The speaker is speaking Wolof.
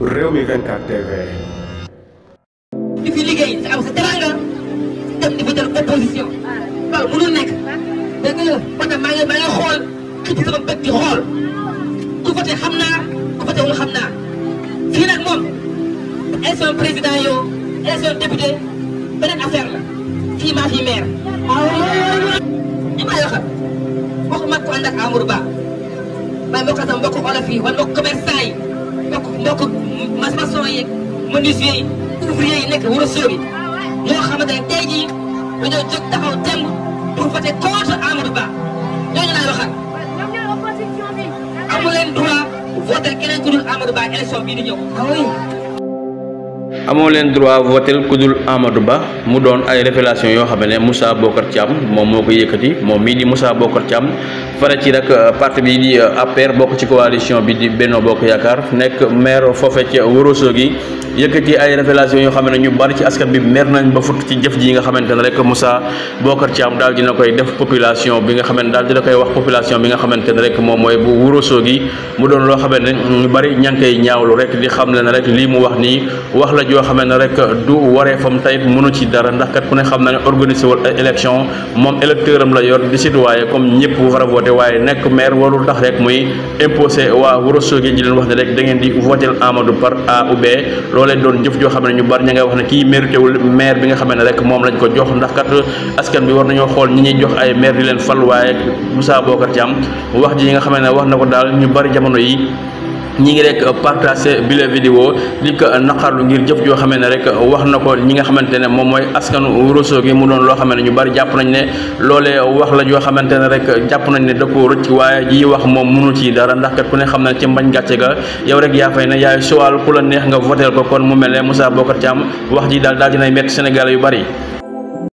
réew mi 24 TV. di fi liggéey te am sa teranga dem di voter opposition waaw mënul nekk dégg nga man de xool xëcc sama bët di xool ku voté xam naa ku voté wul xam naa fii nag moom élection président yoo élection député beneen affaire la fii maa fi maire. li ma yoroon waxuma ko ànd Ba maa ngi bokk ak sama mbokku olof yi wala mbokku donc maçon yeeg menuisier yi ouvrier yi nekk ressources yi ñoo xamante ne tey jii dañoo jóg taxaw temb pour voter contre Amadou Ba ñooñu laay waxal. amu leen droit voter keneen ku dul Amadou Ba élection bii di ñëw. Ah amoo leen droit votel ku dul Amadou Ba mu doon ay révélation yoo xam ne Moussa Bocar Thiam moom moo ko yëkkati moom mii di Moussa Bocar Thiam fare ci nag euh, parti bi di euh, APR bokk ci coalition bi di Benno Bokk Yaakaar nekk maire foofe ca gi yëkkati ay révélation yoo xam ñu bari ci askan bi mer nañ ba fut ci jëf ji nga xamante rek Moussa Bocar Thiam daal dina koy def population bi nga xamante daal dina koy wax population bi nga xamante rek moom mooy bu wurosoo gi mu doon ñu bari ña ñaawlu rek di xam ne ne rek lii mu wax nii wax la joo xamante rek du waree fam tayit mënu ci dara ndax kat ku ne xam na organiser élection la yor di citoyen comme ñëpp wara a voté waaye maire warul tax rek muy imposé waa wurosoo gi di leen wax rek da ngeen di votel Amadou par A ou B loolee doon jëf joo xam ne ñu bari ña ngay wax ne kii méritéwul maire bi nga xam ne rek moom lañ ko jox ndax kat askan bi war nañoo xool ñi ñuy jox ay maire di leen fal waaye Moussa Bocar am wax ji yi nga xam ne wax na ko daal ñu bari jamono yi ñi ngi rek partagé bi la vidéo di ko naqarlu ngir jëf joo xamee ne rek wax na ko ñi nga xamante ne moom mooy askanu Rosso gi mu doon loo xamee ne ñu bari jàpp nañ ne loolee wax la joo xamante ne rek jàpp nañ ne da ko rëcc waaye ji wax moom mënu ci dara ndax kat ku ne xam ne ci mbañ gàcce ga yow rek yaa fay ne yaay suwaal ku la neex nga voteel ko kon mu mel ne Moussa Bocar Thiam wax ji daal daal dinay metti Sénégal yu bari